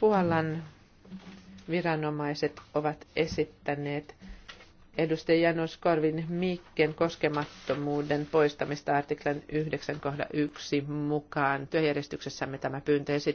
Puolan viranomaiset ovat esittäneet edustaja Janos Korvin Mikken koskemattomuuden poistamista artiklan 9:1 mukaan. Työjärjestyksessämme tämä pyyntö esitetään.